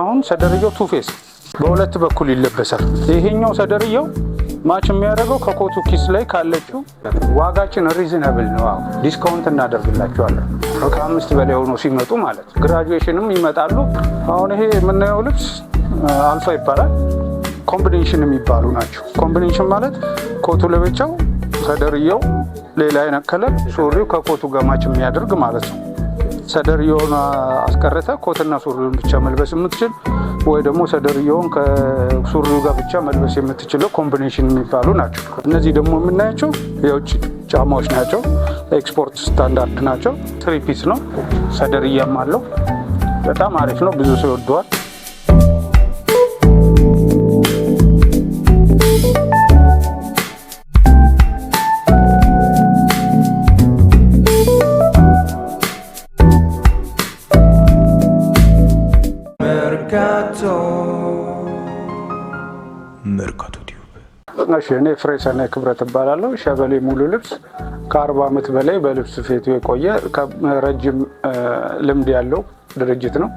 አሁን ሰደርየው ቱፌስ በሁለት በኩል ይለበሳል። ይሄኛው ሰደርየው ማች የሚያደርገው ከኮቱ ኪስ ላይ ካለችው ዋጋችን ሪዝነብል ነው። አሁን ዲስካውንት እናደርግላቸዋለን ከአምስት በላይ ሆኖ ሲመጡ ማለት ግራጁዌሽንም ይመጣሉ። አሁን ይሄ የምናየው ልብስ አልፋ ይባላል። ኮምቢኔሽን የሚባሉ ናቸው። ኮምቢኔሽን ማለት ኮቱ ለብቻው፣ ሰደርየው ሌላ አይነት ከለር፣ ሱሪው ከኮቱ ጋር ማች የሚያደርግ ማለት ነው። ሰደርየውን አስቀረተ ኮትና ሱሪውን ብቻ መልበስ የምትችል ወይ ደግሞ ሰደርየውን ከሱሪው ጋር ብቻ መልበስ የምትችለው ኮምቢኔሽን የሚባሉ ናቸው። እነዚህ ደግሞ የምናያቸው የውጭ ጫማዎች ናቸው። ኤክስፖርት ስታንዳርድ ናቸው። ትሪፒስ ነው። ሰደርያም አለው። በጣም አሪፍ ነው። ብዙ ሰው ይወደዋል። እሺ እኔ ሰናይ ክብረት እባላለሁ። ሸበሌ ሙሉ ልብስ ከአርባ ዓመት በላይ በልብስ ስፌቱ የቆየ ረጅም ልምድ ያለው ድርጅት ነው።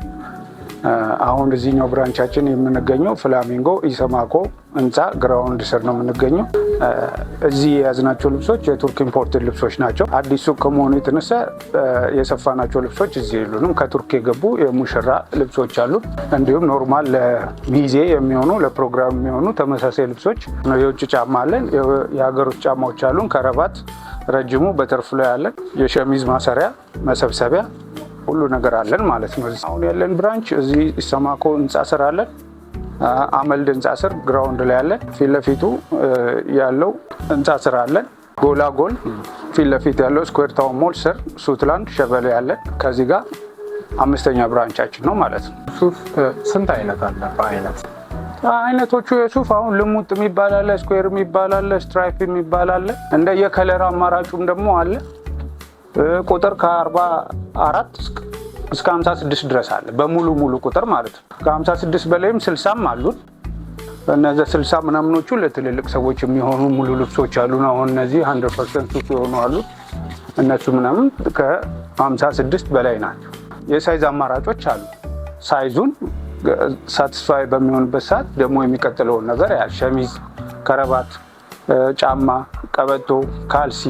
አሁን እዚህኛው ብራንቻችን የምንገኘው ፍላሚንጎ ኢሰማኮ ህንፃ ግራውንድ ስር ነው የምንገኘው። እዚህ የያዝናቸው ልብሶች የቱርክ ኢምፖርት ልብሶች ናቸው። አዲስ ሱቅ ከመሆኑ የተነሳ የሰፋናቸው ልብሶች እዚህ የሉንም። ከቱርክ የገቡ የሙሽራ ልብሶች አሉ። እንዲሁም ኖርማል ለሚዜ የሚሆኑ ለፕሮግራም የሚሆኑ ተመሳሳይ ልብሶች፣ የውጭ ጫማ አለን። የሀገር ውስጥ ጫማዎች አሉን። ከረባት ረጅሙ በተርፍ ላይ አለን። የሸሚዝ ማሰሪያ መሰብሰቢያ ሁሉ ነገር አለን ማለት ነው። አሁን ያለን ብራንች እዚህ ሰማኮ ህንፃ ስር አለን። አመልድ ህንፃ ስር ግራውንድ ላይ አለን። ፊት ለፊቱ ያለው ህንፃ ስር አለን። ጎላ ጎል ፊት ለፊት ያለው ስኩዌር ታውን ሞል ስር ሱትላንድ ሸበሌ አለን። ከዚህ ጋር አምስተኛ ብራንቻችን ነው ማለት ነው። ሱፍ ስንት አይነት አለ? በአይነት አይነቶቹ የሱፍ አሁን ልሙጥ የሚባል አለ፣ ስኩዌር የሚባል አለ፣ ስትራይፕ የሚባል አለ። እንደ የከለር አማራጩም ደግሞ አለ ቁጥር ከ44 እስከ 56 ድረስ አለ። በሙሉ ሙሉ ቁጥር ማለት ነው። ከ56 በላይም ስልሳም ም አሉት። እነዚ 60 ምናምኖቹ ለትልልቅ ሰዎች የሚሆኑ ሙሉ ልብሶች አሉን። አሁን እነዚህ 100 ፐርሰንት ሱፍ የሆኑ አሉ። እነሱ ምናምን ከ56 በላይ ናቸው። የሳይዝ አማራጮች አሉ። ሳይዙን ሳትስፋይ በሚሆንበት ሰዓት ደግሞ የሚቀጥለውን ነገር ያል ሸሚዝ፣ ከረባት፣ ጫማ፣ ቀበቶ፣ ካልሲ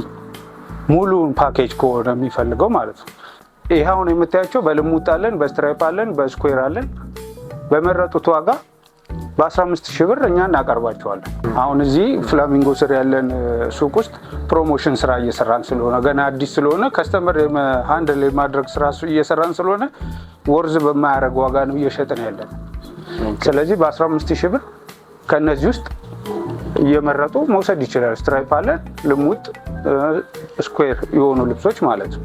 ሙሉን ፓኬጅ ከሆነ የሚፈልገው ማለት ነው። ይህ አሁን የምታያቸው በልሙጥ አለን፣ በስትራይፕ አለን፣ በስኩዌር አለን። በመረጡት ዋጋ በ15 ሺህ ብር እኛ እናቀርባቸዋለን። አሁን እዚህ ፍላሚንጎ ስር ያለን ሱቅ ውስጥ ፕሮሞሽን ስራ እየሰራን ስለሆነ ገና አዲስ ስለሆነ ከስተመር ሃንድል የማድረግ ስራ እየሰራን ስለሆነ ወርዝ በማያደርግ ዋጋ ነው እየሸጥን ያለን። ስለዚህ በ15 ሺህ ብር ከእነዚህ ውስጥ እየመረጡ መውሰድ ይችላል። ስትራይፕ አለን ልሙጥ ስኩዌር የሆኑ ልብሶች ማለት ነው።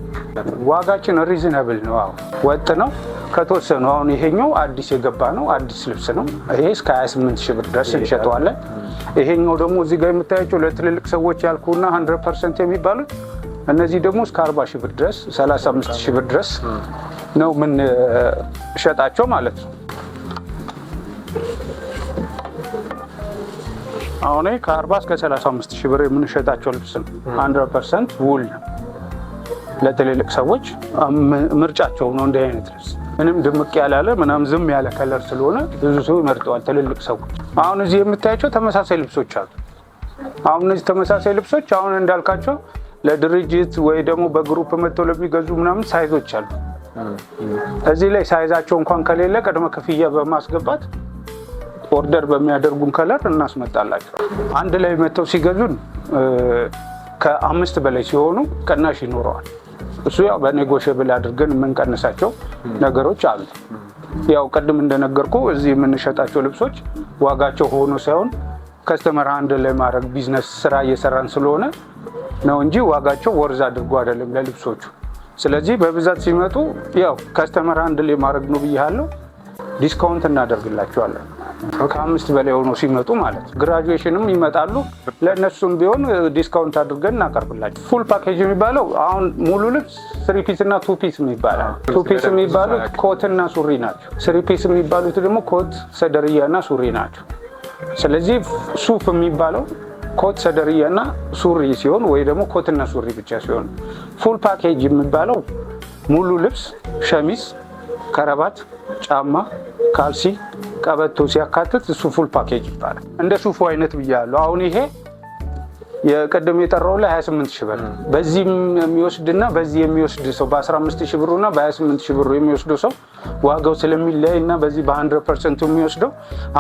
ዋጋችን ሪዝነብል ነው። አሁን ወጥ ነው ከተወሰኑ አሁን ይሄኛው አዲስ የገባ ነው። አዲስ ልብስ ነው ይሄ እስከ 28 ሺህ ብር ድረስ እንሸጠዋለን። ይሄኛው ደግሞ እዚህ ጋር የምታያቸው ለትልልቅ ሰዎች ያልኩና 100 ፐርሰንት የሚባሉት እነዚህ ደግሞ እስከ 40 ሺህ ብር ድረስ 35 ሺህ ብር ድረስ ነው የምንሸጣቸው ማለት ነው። አሁን ከ40 እስከ 35 ሺህ ብር የምንሸጣቸው ልብስ ነው። 100 ፐርሰንት ውል ለትልልቅ ሰዎች ምርጫቸው ነው። እንዲህ አይነት ልብስ ምንም ድምቅ ያላለ ምናም ዝም ያለ ከለር ስለሆነ ብዙ ሰው ይመርጠዋል። ትልልቅ ሰዎች አሁን እዚህ የምታያቸው ተመሳሳይ ልብሶች አሉ። አሁን እነዚህ ተመሳሳይ ልብሶች አሁን እንዳልካቸው ለድርጅት ወይ ደግሞ በግሩፕ መጥተው ለሚገዙ ምናምን ሳይዞች አሉ። እዚህ ላይ ሳይዛቸው እንኳን ከሌለ ቅድመ ክፍያ በማስገባት ኦርደር በሚያደርጉን ከለር እናስመጣላቸው። አንድ ላይ መጥተው ሲገዙን ከአምስት በላይ ሲሆኑ ቅናሽ ይኖረዋል። እሱ ያው በኔጎሽብል አድርገን የምንቀንሳቸው ነገሮች አሉ። ያው ቅድም እንደነገርኩ እዚህ የምንሸጣቸው ልብሶች ዋጋቸው ሆኖ ሳይሆን ከስተመር አንድ ላይ ማድረግ ቢዝነስ ስራ እየሰራን ስለሆነ ነው እንጂ ዋጋቸው ወርዝ አድርጎ አይደለም ለልብሶቹ። ስለዚህ በብዛት ሲመጡ ያው ከስተመር አንድ ላይ ማድረግ ነው ብያለሁ፣ ዲስካውንት እናደርግላቸዋለን። ከአምስት በላይ ሆኖ ሲመጡ ማለት ግራጁዌሽንም ይመጣሉ። ለእነሱም ቢሆን ዲስካውንት አድርገን እናቀርብላቸው። ፉል ፓኬጅ የሚባለው አሁን ሙሉ ልብስ ስሪ ፒስ እና ቱ ፒስ የሚባለው ቱ ፒስ የሚባሉት ኮትና ሱሪ ናቸው። ስሪ ፒስ የሚባሉት ደግሞ ኮት ሰደርያና ሱሪ ናቸው። ስለዚህ ሱፍ የሚባለው ኮት እና ሱሪ ሲሆን ወይ ደግሞ ኮትና ሱሪ ብቻ ሲሆን፣ ፉል ፓኬጅ የሚባለው ሙሉ ልብስ ሸሚዝ፣ ከረባት፣ ጫማ፣ ካልሲ ቀበቶ ሲያካትት እሱ ፉል ፓኬጅ ይባላል። እንደ ሱፉ አይነት ብያለሁ። አሁን ይሄ የቀደም የጠራው ላይ 28 ሺህ ብር በዚህም የሚወስድና በዚህ የሚወስድ ሰው በ15 ብሩ ብሩና በ28 ሺህ ብሩ የሚወስደው ሰው ዋጋው ስለሚለያይ እና በዚህ በ100 ፐርሰንቱ የሚወስደው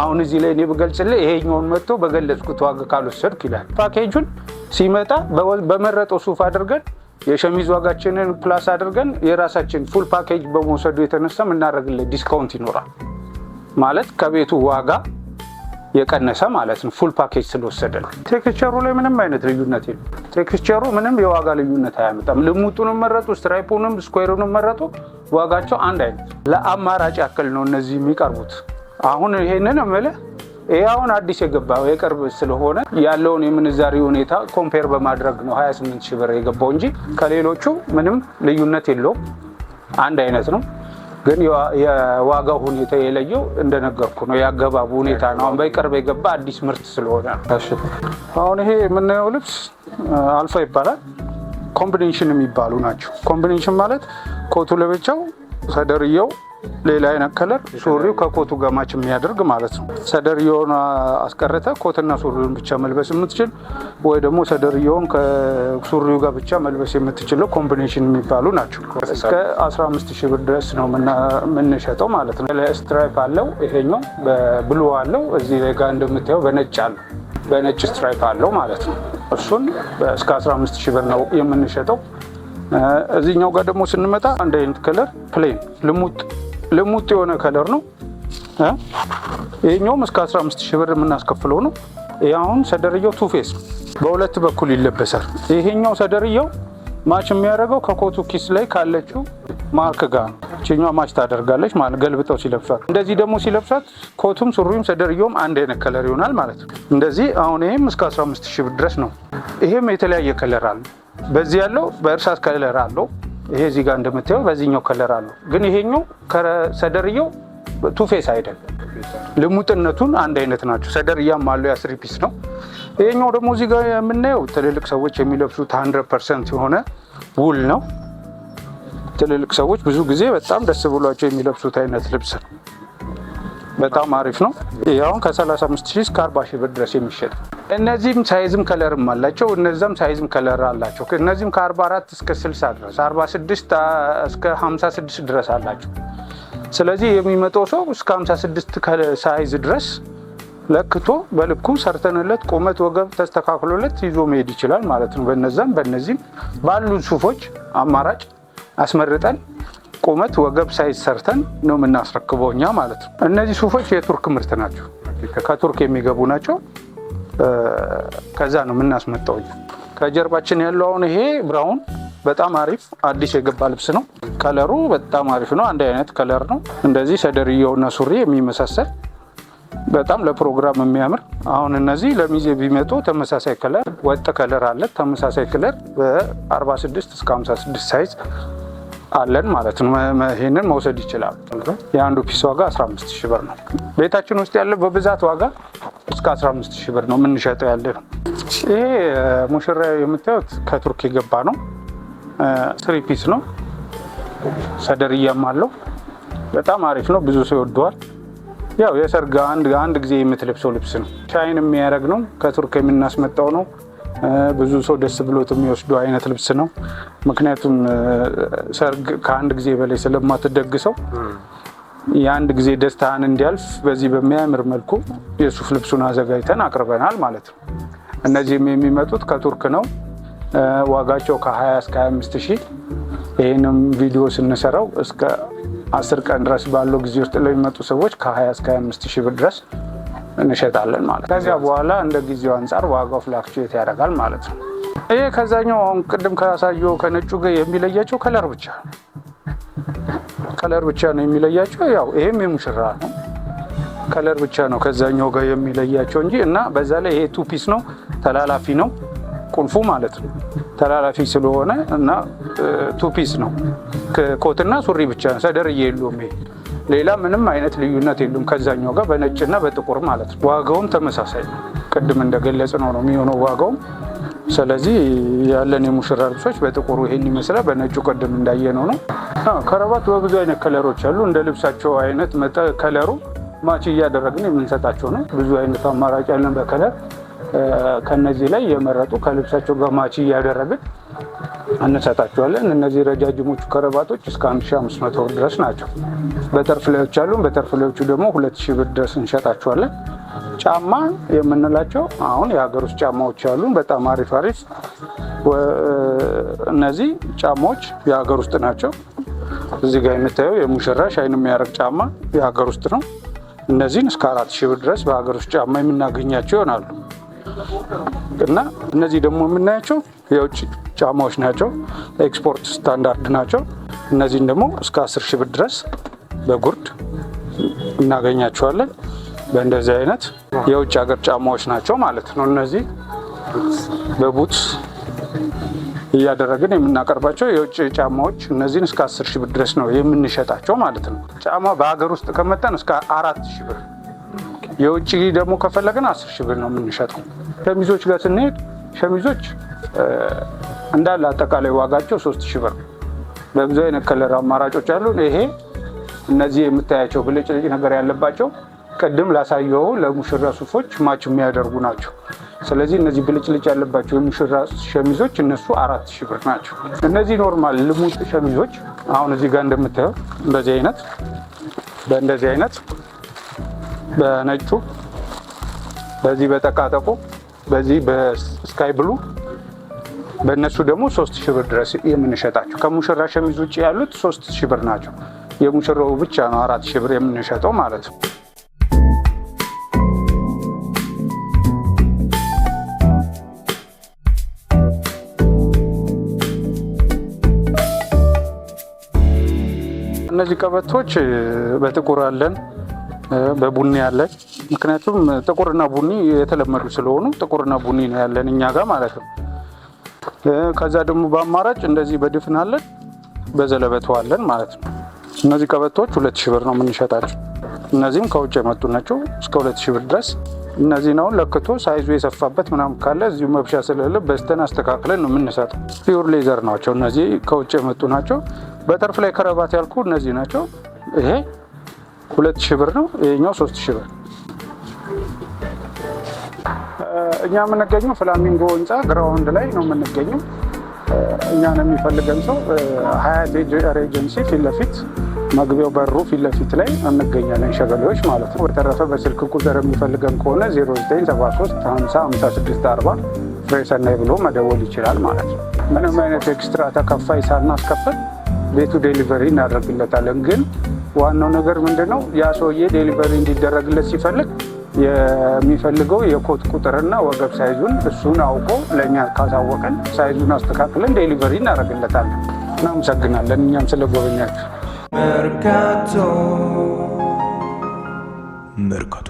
አሁን እዚህ ላይ እኔ ብገልጽልህ ይሄኛውን መጥቶ በገለጽኩት ዋጋ ካልወሰድክ ይላል። ፓኬጁን ሲመጣ በመረጠው ሱፍ አድርገን የሸሚዝ ዋጋችንን ፕላስ አድርገን የራሳችን ፉል ፓኬጅ በመውሰዱ የተነሳም እናደርግለት ዲስካውንት ይኖራል። ማለት ከቤቱ ዋጋ የቀነሰ ማለት ነው። ፉል ፓኬጅ ስለወሰደ ነው። ቴክስቸሩ ላይ ምንም አይነት ልዩነት የለም። ቴክስቸሩ ምንም የዋጋ ልዩነት አያመጣም። ልሙጡንም መረጡ፣ ስትራይፑንም ስኩዌሩንም መረጡ፣ ዋጋቸው አንድ አይነት። ለአማራጭ ያክል ነው እነዚህ የሚቀርቡት። አሁን ይሄንን እምልህ ይህ አሁን አዲስ የገባው የቅርብ ስለሆነ ያለውን የምንዛሪ ሁኔታ ኮምፔር በማድረግ ነው 28 ሺህ ብር የገባው እንጂ ከሌሎቹ ምንም ልዩነት የለውም። አንድ አይነት ነው። ግን የዋጋው ሁኔታ የለየው እንደነገርኩ ነው፣ የአገባቡ ሁኔታ ነው። አሁን በቅርብ የገባ አዲስ ምርት ስለሆነ አሁን ይሄ የምናየው ልብስ አልፋ ይባላል። ኮምቢኔሽን የሚባሉ ናቸው። ኮምቢኔሽን ማለት ኮቱ ለብቻው ሰደርየው ሌላ አይነት ከለር ሱሪው ከኮቱ ማች የሚያደርግ ማለት ነው። ሰደርየውን አስቀርተ ኮትና ሱሪውን ብቻ መልበስ የምትችል ወይ ደግሞ ሰደርየውን ከሱሪው ጋር ብቻ መልበስ የምትችለው ኮምቢኔሽን የሚባሉ ናቸው። እስከ 15 ሺህ ብር ድረስ ነው የምንሸጠው ማለት ነው። ለስትራይፕ አለው ይሄኛው በብሉ አለው እዚህ ጋ እንደምታየው በነጭ አለው በነጭ ስትራይፕ አለው ማለት ነው። እሱን እስከ 15 ሺህ ብር ነው የምንሸጠው። እዚህኛው ጋር ደግሞ ስንመጣ አንድ አይነት ከለር ፕሌን ልሙጥ ልሙጥ የሆነ ከለር ነው። ይሄኛውም እስከ 15 ሺህ ብር የምናስከፍለው ነው። ይሄ አሁን ሰደርየው ቱ ፌስ በሁለት በኩል ይለበሳል። ይሄኛው ሰደርየው ማች የሚያደርገው ከኮቱ ኪስ ላይ ካለችው ማርክ ጋር ነው። ማች ታደርጋለች ማለት ገልብጠው ሲለብሷት፣ እንደዚህ ደግሞ ሲለብሷት ኮቱም ሱሪም ሰደርየውም አንድ አይነት ከለር ይሆናል ማለት ነው። እንደዚህ አሁን ይህም እስከ 15 ሺህ ብር ድረስ ነው። ይሄም የተለያየ ከለር አለው። በዚህ ያለው በእርሳስ ከለር አለው ይሄ እዚህ ጋር እንደምታየው በዚህኛው ከለር አለው። ግን ይሄኛው ከሰደርየው ቱፌስ አይደለም። ልሙጥነቱን አንድ አይነት ናቸው። ሰደርያም አለው የአስሪ ፒስ ነው። ይሄኛው ደግሞ እዚህ ጋር የምናየው ትልልቅ ሰዎች የሚለብሱት 100 ፐርሰንት የሆነ ውል ነው። ትልልቅ ሰዎች ብዙ ጊዜ በጣም ደስ ብሏቸው የሚለብሱት አይነት ልብስ ነው። በጣም አሪፍ ነው። ይህ አሁን ከ35 ሺህ እስከ 40 ሺህ ብር ድረስ የሚሸጥ ነው። እነዚህም ሳይዝም ከለርም አላቸው። እነዛም ሳይዝም ከለር አላቸው። እነዚህም ከ44 እስከ 60 ድረስ 46 እስከ 56 ድረስ አላቸው። ስለዚህ የሚመጣው ሰው እስከ 56 ሳይዝ ድረስ ለክቶ በልኩ ሰርተንለት ቁመት ወገብ ተስተካክሎለት ይዞ መሄድ ይችላል ማለት ነው። በነዛም በነዚህም ባሉ ሱፎች አማራጭ አስመርጠን ቁመት ወገብ ሳይዝ ሰርተን ነው የምናስረክበው እኛ ማለት ነው። እነዚህ ሱፎች የቱርክ ምርት ናቸው፣ ከቱርክ የሚገቡ ናቸው። ከዛ ነው የምናስመጣው። ከጀርባችን ያለው አሁን ይሄ ብራውን በጣም አሪፍ አዲስ የገባ ልብስ ነው። ከለሩ በጣም አሪፍ ነው። አንድ አይነት ከለር ነው። እንደዚህ ሰደርየውና ሱሪ የሚመሳሰል በጣም ለፕሮግራም የሚያምር አሁን እነዚህ ለሚዜ ቢመጡ ተመሳሳይ ከለር ወጥ ከለር አለ። ተመሳሳይ ከለር በ46 እስከ 56 ሳይዝ አለን ማለት ነው። ይህንን መውሰድ ይችላል። የአንዱ ፒስ ዋጋ 15 ሺህ ብር ነው። ቤታችን ውስጥ ያለው በብዛት ዋጋ እስከ 15 ሺህ ብር ነው የምንሸጠው ያለ ነው። ይሄ ሙሽራ የምታዩት ከቱርክ የገባ ነው። ስሪ ፒስ ነው። ሰደርያም አለው። በጣም አሪፍ ነው። ብዙ ሰው ይወደዋል። ያው የሰርግ አንድ ጊዜ የምትለብሰው ልብስ ነው። ሻይን የሚያደርግ ነው። ከቱርክ የምናስመጣው ነው። ብዙ ሰው ደስ ብሎት የሚወስዱ አይነት ልብስ ነው። ምክንያቱም ሰርግ ከአንድ ጊዜ በላይ ስለማትደግሰው የአንድ ጊዜ ደስታን እንዲያልፍ በዚህ በሚያምር መልኩ የሱፍ ልብሱን አዘጋጅተን አቅርበናል ማለት ነው። እነዚህም የሚመጡት ከቱርክ ነው። ዋጋቸው ከ20 እስከ 25 ሺህ ይህንም ቪዲዮ ስንሰራው እስከ አስር ቀን ድረስ ባለው ጊዜ ውስጥ ለሚመጡ ሰዎች ከ20 እስከ 25 ሺህ ብር ድረስ እንሸጣለን ማለት ነው። ከዚያ በኋላ እንደ ጊዜው አንጻር ዋጋው ፍላክቹዌት ያደርጋል ማለት ነው። ይሄ ከዛኛው አሁን ቅድም ካሳየው ከነጩ ጋር የሚለያቸው ከለር ብቻ ከለር ብቻ ነው የሚለያቸው። ያው ይሄም የሙሽራ ነው ከለር ብቻ ነው ከዛኛው ጋር የሚለያቸው እንጂ እና በዛ ላይ ይሄ ቱ ፒስ ነው ተላላፊ ነው ቁልፉ ማለት ነው ተላላፊ ስለሆነ እና ቱ ፒስ ነው ኮትና ሱሪ ብቻ ነው ሰደርዬ የለውም ይሄ ሌላ ምንም አይነት ልዩነት የሉም ከዛኛው ጋር በነጭና በጥቁር ማለት ነው። ዋጋውም ተመሳሳይ ነው። ቅድም እንደገለጽ ነው ነው የሚሆነው ዋጋውም። ስለዚህ ያለን የሙሽራ ልብሶች በጥቁሩ ይሄን ይመስላል። በነጩ ቅድም እንዳየነው ነው። ከረባት በብዙ አይነት ከለሮች አሉ። እንደ ልብሳቸው አይነት ከለሩ ማች እያደረግን የምንሰጣቸው ነው። ብዙ አይነት አማራጭ ያለን በከለር ከነዚህ ላይ የመረጡ ከልብሳቸው ጋር ማች እያደረግን እንሰጣቸዋለን። እነዚህ ረጃጅሞቹ ከረባቶች እስከ 1500 ብር ድረስ ናቸው። በተርፍ ላዮች አሉን። በተርፍ ላዮቹ ደግሞ 2000 ብር ድረስ እንሸጣቸዋለን። ጫማ የምንላቸው አሁን የሀገር ውስጥ ጫማዎች አሉ በጣም አሪፍ አሪፍ እነዚህ ጫማዎች የሀገር ውስጥ ናቸው። እዚህ ጋር የምታየው የሙሽራ ሻይን የሚያደርግ ጫማ የሀገር ውስጥ ነው። እነዚህን እስከ አራት ሺህ ብር ድረስ በሀገር ውስጥ ጫማ የምናገኛቸው ይሆናሉ እና እነዚህ ደግሞ የምናያቸው የውጭ ጫማዎች ናቸው። ኤክስፖርት ስታንዳርድ ናቸው። እነዚህን ደግሞ እስከ አስር ሺህ ብር ድረስ በጉርድ እናገኛቸዋለን። በእንደዚህ አይነት የውጭ ሀገር ጫማዎች ናቸው ማለት ነው። እነዚህ በቡትስ እያደረግን የምናቀርባቸው የውጭ ጫማዎች እነዚህን እስከ አስር ሺህ ብር ድረስ ነው የምንሸጣቸው ማለት ነው። ጫማ በሀገር ውስጥ ከመጠን እስከ አራት ሺህ ብር የውጭ ደግሞ ከፈለግን አስር ሺህ ብር ነው የምንሸጠው። ሸሚዞች ጋር ስንሄድ ሸሚዞች እንዳለ አጠቃላይ ዋጋቸው ሶስት ሺህ ብር። በብዙ አይነት ከለር አማራጮች አሉ። ይሄ እነዚህ የምታያቸው ብልጭልጭ ነገር ያለባቸው ቅድም ላሳየው ለሙሽራ ሱፎች ማች የሚያደርጉ ናቸው። ስለዚህ እነዚህ ብልጭልጭ ያለባቸው የሙሽራ ሸሚዞች እነሱ አራት ሺህ ብር ናቸው። እነዚህ ኖርማል ልሙጥ ሸሚዞች አሁን እዚህ ጋር እንደምታየው እንደዚህ አይነት በእንደዚህ አይነት በነጩ በዚህ በጠቃጠቁ በዚህ በስካይ ብሉ በእነሱ ደግሞ ሶስት ሺህ ብር ድረስ የምንሸጣቸው ከሙሽራ ሸሚዝ ውጭ ያሉት ሶስት ሺህ ብር ናቸው። የሙሽራው ብቻ ነው አራት ሺህ ብር የምንሸጠው ማለት ነው። እነዚህ ቀበቶች በጥቁር አለን፣ በቡኒ አለን። ምክንያቱም ጥቁርና ቡኒ የተለመዱ ስለሆኑ ጥቁርና ቡኒ ነው ያለን እኛ ጋር ማለት ነው። ከዛ ደግሞ በአማራጭ እንደዚህ በድፍን አለን በዘለበት አለን ማለት ነው። እነዚህ ቀበቶዎች ሁለት ሺህ ብር ነው የምንሸጣቸው። እነዚህም ከውጭ የመጡ ናቸው እስከ ሁለት ሺህ ብር ድረስ እነዚህ አሁን ለክቶ ሳይዙ የሰፋበት ምናምን ካለ እዚሁ መብሻ ስለሌለ በስተን አስተካክለን ነው የምንሰጠው። ፒውር ሌዘር ናቸው እነዚህ ከውጭ የመጡ ናቸው። በጠርፍ ላይ ከረባት ያልኩ እነዚህ ናቸው። ይሄ ሁለት ሺህ ብር ነው። ይሄኛው ሶስት ሺህ ብር እኛ የምንገኘው ፍላሚንጎ ህንፃ ግራውንድ ላይ ነው የምንገኘው። እኛን የሚፈልገን ሰው ሀያት ኤጀንሲ ፊት ለፊት መግቢያው በሩ ፊት ለፊት ላይ እንገኛለን፣ ሸበሌዎች ማለት ነው። በተረፈ በስልክ ቁጥር የሚፈልገን ከሆነ 0973505640 ፍሬሰናይ ብሎ መደወል ይችላል ማለት ነው። ምንም አይነት ኤክስትራ ተከፋይ ሳናስከፍል ቤቱ ዴሊቨሪ እናደርግለታለን። ግን ዋናው ነገር ምንድነው ያ ሰውዬ ዴሊቨሪ እንዲደረግለት ሲፈልግ የሚፈልገው የኮት ቁጥርና ወገብ ሳይዙን እሱን አውቆ ለእኛ ካሳወቀን ሳይዙን አስተካክለን ዴሊቨሪ እናደርግለታለን። እናመሰግናለን። እኛም ስለጎበኛችሁ መርካቶ